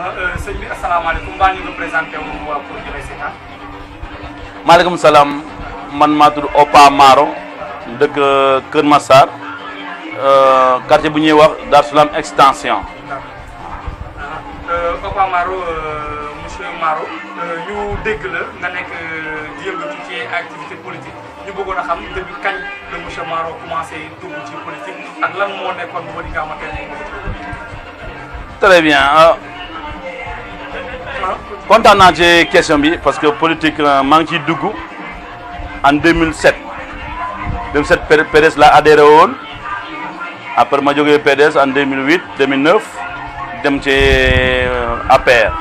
Euh, sëñ bi salaam man maa tudd Opa dëkk Kër Massar euh, quartier bu ñuy wax Dar Salaam extension. Euh, Opa monsieur Maro ñu dégg la nga nekk di yëngatu ci activité politique ñu bëggoon a xam depuis kañ la monsieur Maro commencé dugg ci politique ak lan moo nekkoon ba li nga xamante ne très bien. kontaan naa ci bi parce que politique euh, maa ngi ciy dugg en 2007 2007 PDS laa adhéré woon après ma jógee PDS en 2008 2009 dem ci euh, APR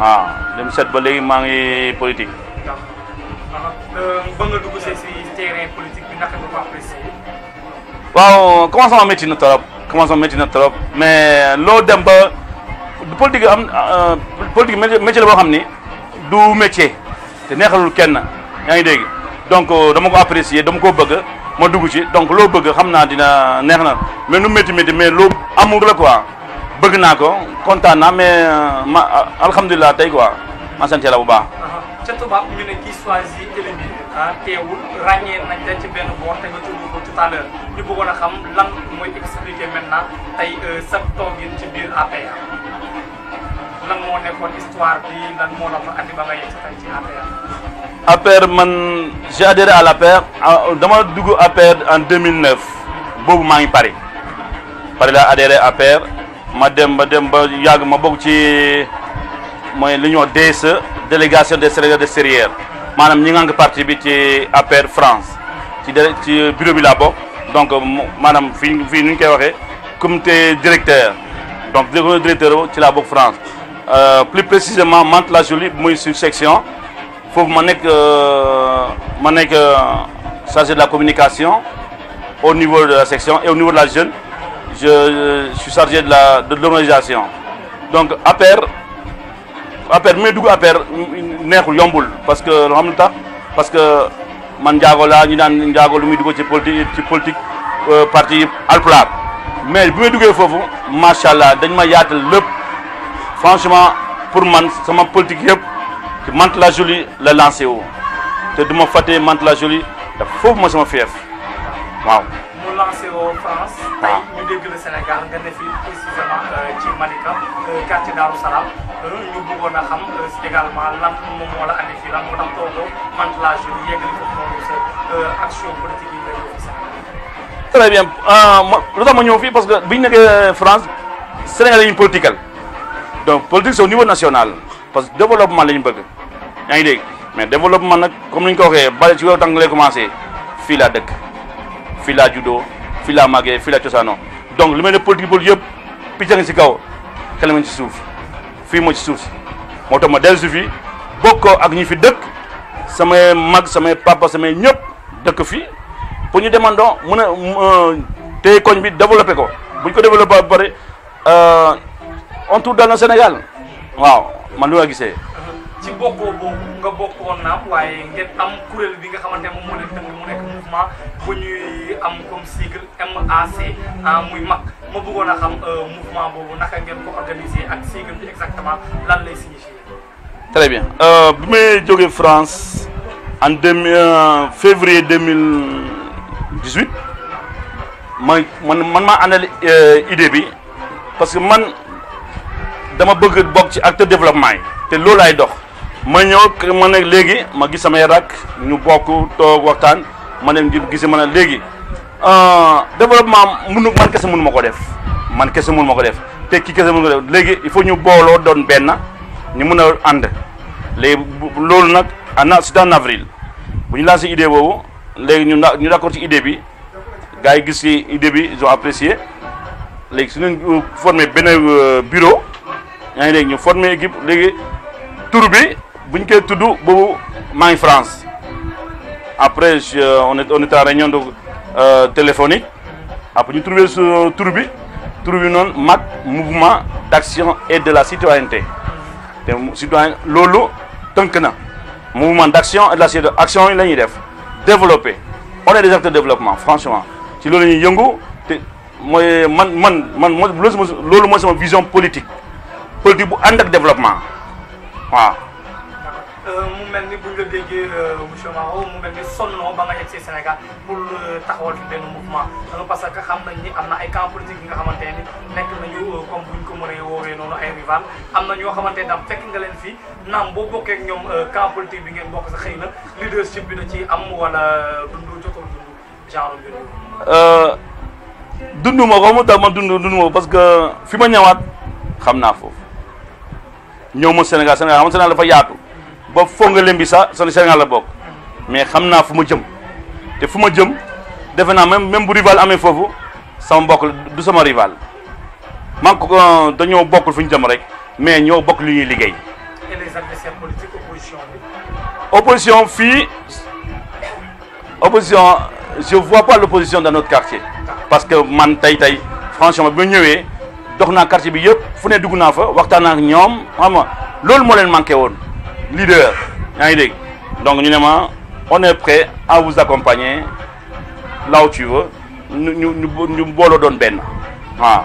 waaw 2007 ba léegi maa ngi politique. Euh, ba nga dugg si terrain politique bi naka nga ko apprécié. trop commencement métti dem ba politique politique métier la boo xam ni du métier te neexalul kenn yaa ngi dégg donc euh, dama ko apprécier dama ko bëgg ma dugg ci donc loo bëgg xam naa dina neex na mais nu métti métti mais loo amour la quoi bëgg naa ko kontaan naa mais euh, ma euh, tey quoi ma sant bu baax. ca tubaab ñu lan bi lan moo la fa andi ba nga yegg si tey ci APR. APR man j'ai adhéré à l'APR ah, dama dugg APR en boobu maa ngi Paris Paris laa adhéré APR ma dem ba dem ba yàgg ma bokk ci mooy li ñoo DSE délégation des Sénégalais de l'extérieur maanaam ñi nga parti bi ci APR France ci ci bureau bi laa bokk donc maanaam fii fii nu ñu koy waxee comité directeur donc directeur ci la bokk France. Euh, plus précisément Mantes-la-Jolie muy sur section foofu ma nekk euh, ma nekk euh, chargé de la communication au niveau de la section et au niveau de la jeune je suis chargé de la de l'organisation donc APR aper muy dugg APR neexul yombul parce que loo xam ne parce que man njaago laa ñu naan njaago lu muy dugg ci politique ci politique parti Alpulaar mais bi may duggee foofu macha allah dañ ma lépp. franchement pour man sama politique yëpp la jolie la lancé wu te du ma fàtte mantes la foofu ma sama la Sénégal nga ne fii précisément euh, ci Malika euh, quartier Darou Salam euh, la andi la jolie yeggali ko noonu sa action très bien ma lu tax ma parce que biñ nekkee France Sénégal yi ñu political. donc politique c'est au niveau national parce que développement la ñu bëgg yaa ngi dégg mais développement nag comme ni ñu ko waxee bale ci wew tànk lay commencé fii laa dëkk fii laa juddoo fii laa màggee fii laa cosaanoo donc li may ne politique boobu yëpp picc a ngi si kaw xel ma ci suuf fii moo ci suuf si moo tax ma dellu si fii bokkoo ak ñi fi dëkk samay mag samay papa samay ñëpp dëkk fii pour ñu demandoo mu a euh, téye koñ bi développé ko buñ ko développé ba euh, on tourne dans le Sénégal waaw man lu ma gisee. ci bokkoo boobu nga bokkoon naam waaye ngeen am kuréel bi nga xamante moom moo leen tënk mu nekk mouvement bu ñuy am comme sigle MAC ah, muy mag ma bëggoon a xam euh, mouvement boobu naka ngeen ko organisé ak sigle bi exactement lan lay signifié. très bien euh, bi may jógee France en euh, février mille dix-huit man man man maa àndal idée bi parce que man. dama bëgg bokk ci acteur développement yi te loolu ay dox ma ñëw ma ne léegi ma gis samay rak ñu bokk toog waxtaan ma ne gis ma ne léegi euh, développement munu man kese mënu ma ko def man kese mënu ma ko def te ki kese mënu ma ko def léegi il faut ñu booloo doon benn ñu mun a ànd léegi loolu nag ana ah, c'est en avril bu ñu lancé idée boobu léegi ñu ñu d'accord ci idée bi gaa yi gis ci idée bi ils ont apprécié léegi su ñu formé benn euh, bureau. yaa ngi dégg ñu formé équipe léegi tur bi buñ koy tudd boobu maa ngi France après euh, on est on est en réunion de euh, téléphonique après ñu trouvé su tur bi tur bi noonu mag mouvement de la citoyenneté te citoyen loolu tënk na mouvement d'action e de la citoyenneté action yi la ñuy def développer on est des de développement franchement ci loolu la ñuy yëngu te mooy man man man loolu mooy sama vision politique politique bu ànd ak développement waaw. Euh, mu mel ni bu ñu la déggee euh, monsieur Maro mu mel ni sonnoo ba nga yegg Sénégal pour euh, taxawal fi benn mouvement parce que xam nañ ni am na ay camp politique nga xamante ni nekk nañu comme buñ ko mënee woowee noonu ay rival am na ñoo xamante ne daal fekk nga leen fi naam boo bokkee ak ñoom camp politique bi ngeen bokk sa xëy na leadership bi da ci am wala dundu jotul dundu genre bi. dundu ma ko mu ma dundu dundu parce que fi ma ñëwaat xam naa foofu. ñëw ma Sénégal Sénégal xam Sénégal dafa yaatu ba foog nga lim bi sax seen Sénégal la bok mais xam naa fu ma jëm te fu ma jëm defe naa même même bu rival amee foofu sama mbokk du sama rival man ko dañoo bokkul fu ñu jëm rek mais ñoo bokk li ñuy liggéey. et les adversaires fii opposition je vois pas l'opposition dans notre quartier. Ah. parce que man tey tey franchement bi ma ñëwee. dox naa quartier bi yëpp fu ne dugg naa fa waxtaan ak ñoom xam nga loolu moo leen manqué woon leader yaa ngi dégg donc ñu ne ma on est prêt vous accompagner là où ñu ñu ñu booloo doon benn waaw.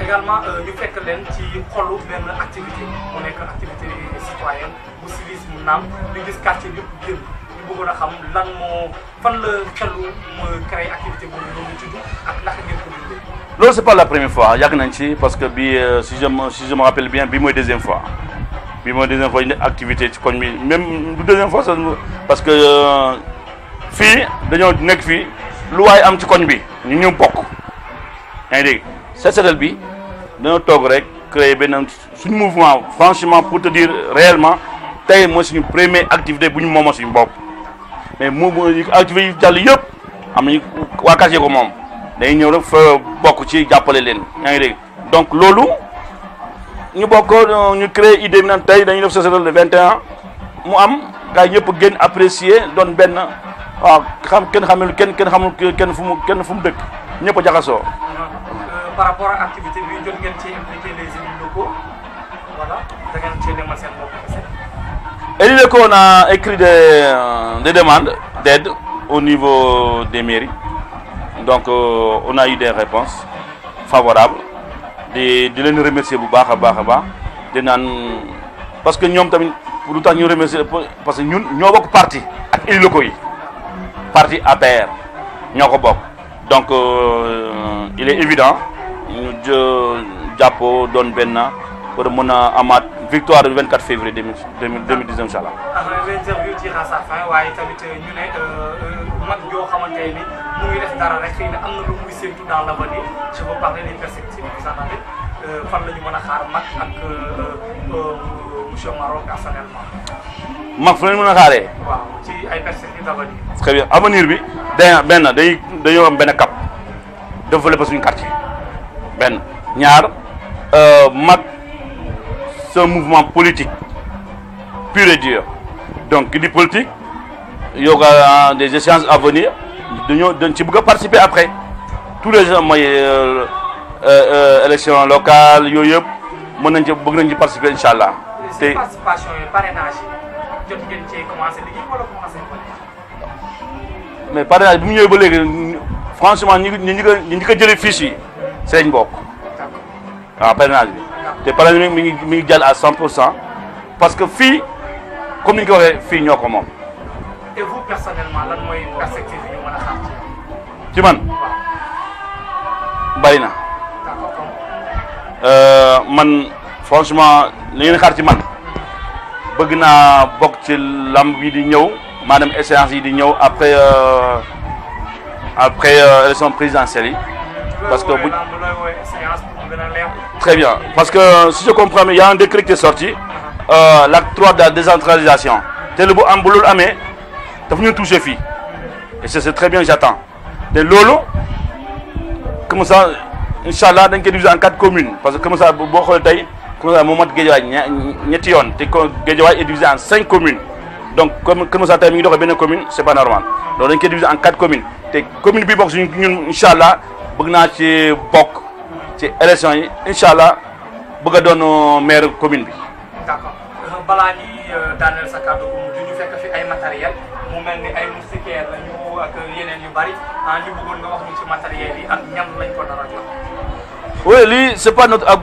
également euh, ñu fekk leen ci xolu benn activité mu nekk activité citoyenne bu civisme naam ñu gis quartier bi yëpp génn ñu bëggoon a xam lan moo fan la xelu créer activité boobu noonu tudd ak naka ngeen ko dundee. lool c'est pas la première fois yàgg nañ ci parce que bi euh, si je me si je me rappelle bien bi mooy deuxième fois bi mooy deuxième fois ñu activité ci koñ bi même du deuxième fois sax parce que euh, fii dañoo nekk fii lu waaye am ci koñ bi ñu ñëw bokk yaa ngi dégg set setal bi dañoo toog rek créer benn suñu mouvement franchement pour te dire réellement tey mooy suñu première activité bu ñu moomoon suñu bopp mais moom activité yi jàll yëpp am nañu waa quartier ko moom day ñëw rek bokk ci jàppale leen yaa donc loolu ñu bokk ñu créé idée bi naan tey dañuy def société le 21 mu am gars ñëpp génn apprécier doon benn waaw kenn xamul kenn kenn xamul kenn fu mu kenn fu mu dëkk ñëpp a euh, rapport ak activité écrit des euh, des demandes d' aide au niveau des mairies. donc euh, on a eu des réponses favorables di di leen remercier bu baax a baax a baax di naan parce que ñoom tamit lu tax ñu remercier parce que ñun ñoo bokk parti ak élus locaux yi parti APR ñoo ko bokk donc euh, il est évident ñu jàppoo doon benn pour mën a amaat victoire du 24 février 2019 incha allah. après l'interview tire à dara rek euh, fan la ñu mën a xaar mag ak euh, euh, monsieur Maroc personnellement. mag fu leen mën a xaaree. waaw ci bien avenir bi benn day dañoo am benn cap développer suñu quartier benn ñaar mag sa mouvement politique pur et donc ki di politique yow des échéances à dañoo dañ ci bëgg a participer après tout les gens mooy euh, euh, euh, élection locale yooyu yëpp mën nañ ci bëgg nañ ci participer incha allah. te participation yi parrainage jot ngeen cee commencé liggéey wala commencé mais parrainage bi mu ñëwee ba léegi franchement ñi ñi ñi ñu ko jëlee fiche si lañ bokk. waaw ah, bi. te parrainage mi ngi mi ngi jàll à 100 pour cent parce que fii comme ni ñu ko waxee fii ñoo ko moom. et vous personnellement ci man bari na euh, man franchement li ngeen xaar ci man bëgg naa bokk ci lamb yi di ñëw maanaam échéance yi di ñëw après euh, après euh, élection présidentielle yi parce que bu très bien parce que si je comprends bien y un décret qui sorti l'acte 3 de la décentralisation te lu bu am bu loolu amee daf ñu touché fii et c'est très bien j'attends te loolu Kër Masar incha allah dañ an diviser en quatre communes parce que Kër Masar boo xoolee tey Kër Masar moo mat Géejawaay ñetti yoon te Géejawaay est divisé cinq communes donc comme Kër Masar tey mi ngi doxee benn commune c' est pas normal donc dañ koy diviser en quatre communes te commune bi bokk suñu ñun incha allah bëgg naa ci bokk ci élection yi incha allah bëgg a doon euh, maire commune bi. boobu ak yeneen yu bari ah, ñu ak a jox.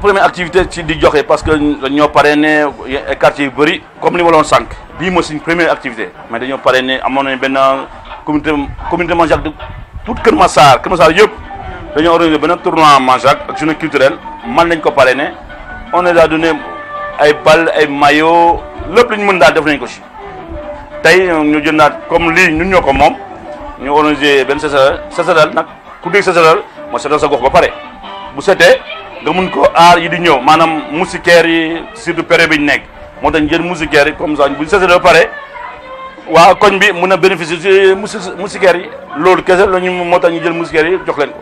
première activité ci di joxe parce que dañoo parrainé ay quartiers yu bëri comme li ma doon sànq bii mooy suñ première activité mais dañoo parrainé amoon nañ benn communauté communauté Manjaak de tout Kër Massar Kër Massar yëpp dañoo organisé benn tournoi Manjaak ak journée culturelle man nañ ko parrainé on les a donné ay bal ay maillot lépp lu ñu mën daal def nañ ko si tey euh, ñu jëndaat comme lii ñun ñoo ko moom. ñu organisé benn sesadal sesadal nag ku dégg sesadal mooy setal sa gox ba pare bu setee nga mun ko aar yi di ñëw maanaam moustiquaires yi surtout période bi ñu nekk moo tax ñu jël moustiquaires yi comme ça bu ñu sesadal ba pare bi mun a bénéficier ci moustiquaires yi loolu kese la ñu moo tax ñu jël moustiquaires yi jox leen ko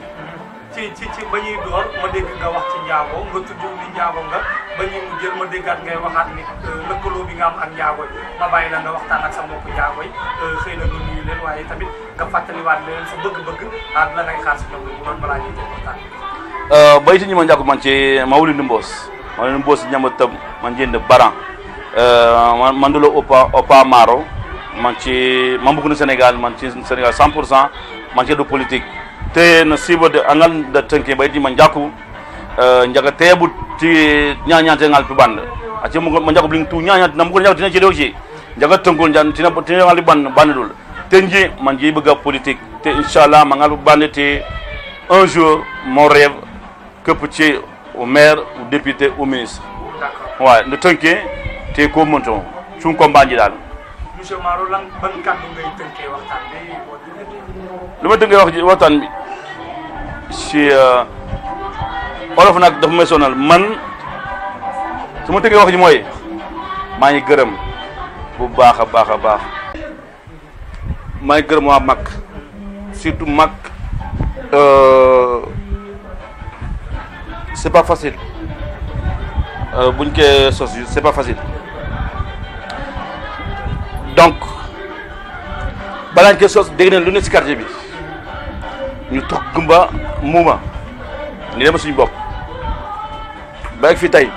ci ci ci ba ñuy door ma dégg nga wax ci njaago nga tudd ni njaago nga ba ñuy jël ma déggaat ngay waxaat ni euh, lëkkaloo bi nga am ak njaago yi ma bàyyi la nga waxtaan ak sa mbokk njaago yi euh, leen waaye tamit nga fàttaliwaat leen sa bëgg-bëgg ah dina ngay xaar si ñoom bu doon balaa ñuy jël euh, ma njàkku man ci Mboos Mawlidu tëb man jënd baran euh, man Opa Opa man ci man bëgg na Sénégal man ci Sénégal 100 pour cent man ci du politique te na siiba de angal da tënke bayit yi ma njàkku euh, njaga teebut ti ñañante ngal pi bande ati mo njago bling tu ñañante na mo njago tina ci doji njaga tënkul njan tina tina ngal ban Tenji ma ngi bëgg a politique te incha allah ma ngal bandité un jour mon rêve këpp ci mair maire ou député ou ministre waaye nde tënkee te ko mënto suñ combat ji daal lu ma tënkee wax ji waxtaan bi si euh, olof nag dafa may sonal man su ma tënkee wax ji mooy maa ngi gërëm bu baax a baax a baax may gërëm waa mag surtout mag euh, c'est pas facile euh, buñ koy sos c'est pas facile donc balaa ñu koy dégg nañ lu ne ci quartier bi ñu toog gumba muuma ñu dem suñu bopp ba ak fi tey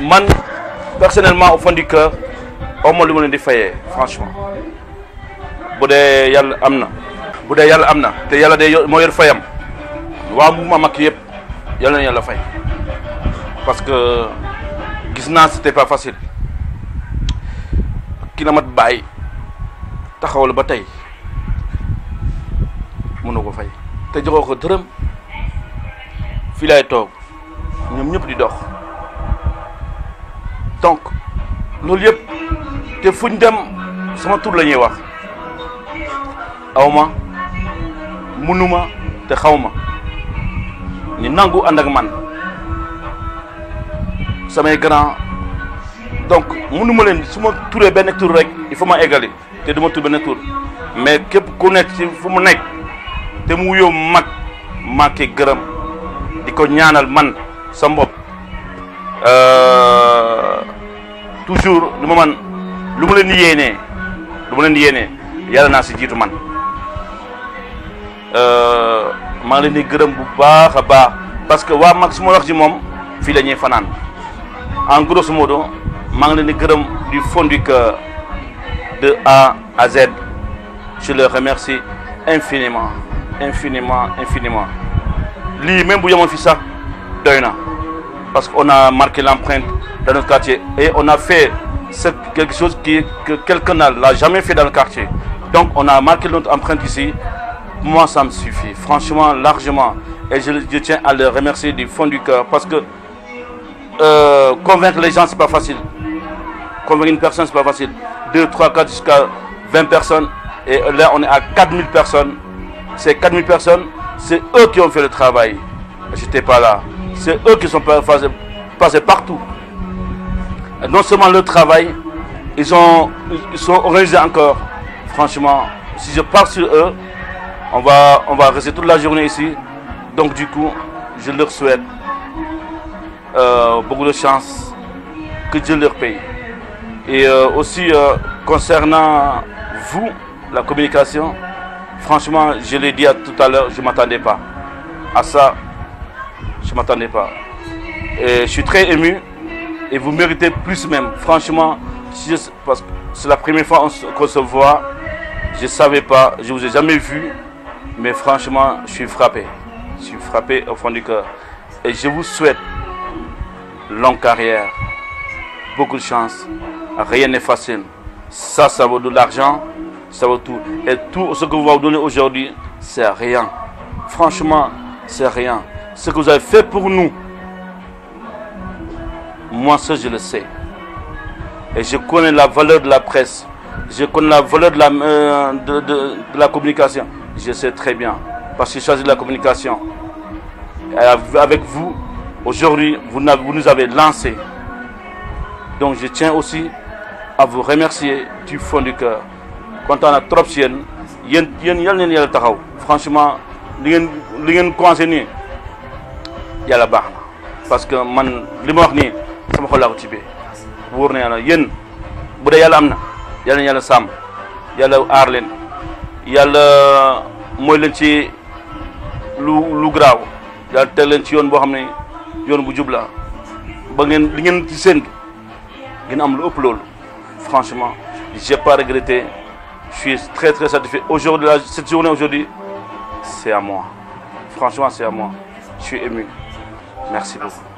man personnellement au fond du cœur aw lu ma leen di fayee franchement bu dee yàlla am na bu dee yàlla am na te yàlla day moo yor fayam waa mouvement Macky yëpp yàlla na yàlla fay parce que gis naa c'était pas facile ki na mat bàyyi taxawal ba tey mënu ko fay te joxo ko dërëm fii laay toog ñoom ñëpp di dox donc loolu yëpp te fuñ dem sama tur la ñuy wax aw ma munuma te xawma ma nangu ànd ak man samay grand donc munuma leen su ma turee benn tur rek il faut ma égali te duma tur benn tur mais képp ku nekk ci fu mu nekk te mu wuyoo mag maa ki gërëm di ko ñaanal man sa mbopp euh, toujours lu ma man lu ma leen di yéenee lu ma leen yàlla naa si jiitu man Euh, maa ngi leen di gërëm bu baax a baax parce que waa mag su ma wax ci moom fii la fanaan en grosso modo maa ngi leen di gërëm du fond de A à Z je le remercie infiniment infiniment infiniment lii même bu yemoon fi sax doy na parce que on a marqué l'empreinte dans notre quartier et on a fait c'est quelque chose qui que quelqu'un n'a jamais fait dans le quartier donc on a marqué notre empreinte ici moi ça me suffit, franchement, largement. Et je, je tiens à le remercier du fond du cœur parce que euh, convaincre les gens, c'est pas facile. Convaincre une personne, c'est pas facile. 2, 3, 4, jusqu'à 20 personnes. Et là, on est à 4000 personnes. Ces 4000 personnes, c'est eux qui ont fait le travail. J'étais pas là. C'est eux qui sont passés partout. Et non seulement le travail, ils, ont, ils sont organisés encore. Franchement, si je pars sur eux, On va, on va rester toute la journée ici. Donc du coup, je leur souhaite euh, beaucoup de chance, que Dieu leur paye. Et euh, aussi, euh, concernant vous, la communication, franchement, je l'ai dit tout à l'heure, je ne m'attendais pas. À ça, je ne m'attendais pas. Et je suis très ému et vous méritez plus même. Franchement, parce que c'est la première fois qu'on se voit, je ne savais pas, je ne vous ai jamais vu. Mais franchement, je suis frappé. Je suis frappé au fond du cœur. Et je vous souhaite longue carrière, beaucoup de chance. Rien n'est facile. Ça, ça vaut de l'argent, ça vaut tout. Et tout ce que vous vous donner aujourd'hui, c'est rien. Franchement, c'est rien. Ce que vous avez fait pour nous, moi, ça, je le sais. Et je connais la valeur de la presse. Je connais la valeur de la, euh, de, de, de la communication. je sais très bien, parce que j'ai choisi la communication. Et avec vous, aujourd'hui, vous, nous avez lancé. Donc je tiens aussi à vous remercier du fond du cœur. kontaan trop si yéen yéen yéen yal neen taxaw franchement li ngeen li ngeen commencé nii baax na parce que man li ma wax nii sama xol laa ko tibbee wóor na yàlla yéen bu am na yàlla na yàlla mooy leen ci lu lu garaaw yàlla teg leen ci yoon boo xam ne yoon bu jub la ba ngeen li ngeen ci séntu ngeen am lu ëpp loolu franchement j'ai pas regretté je suis très très satisfait aujourd'hui là cette journée aujourd'hui c'est à moi franchement c'est à moi je suis ému merci beaucoup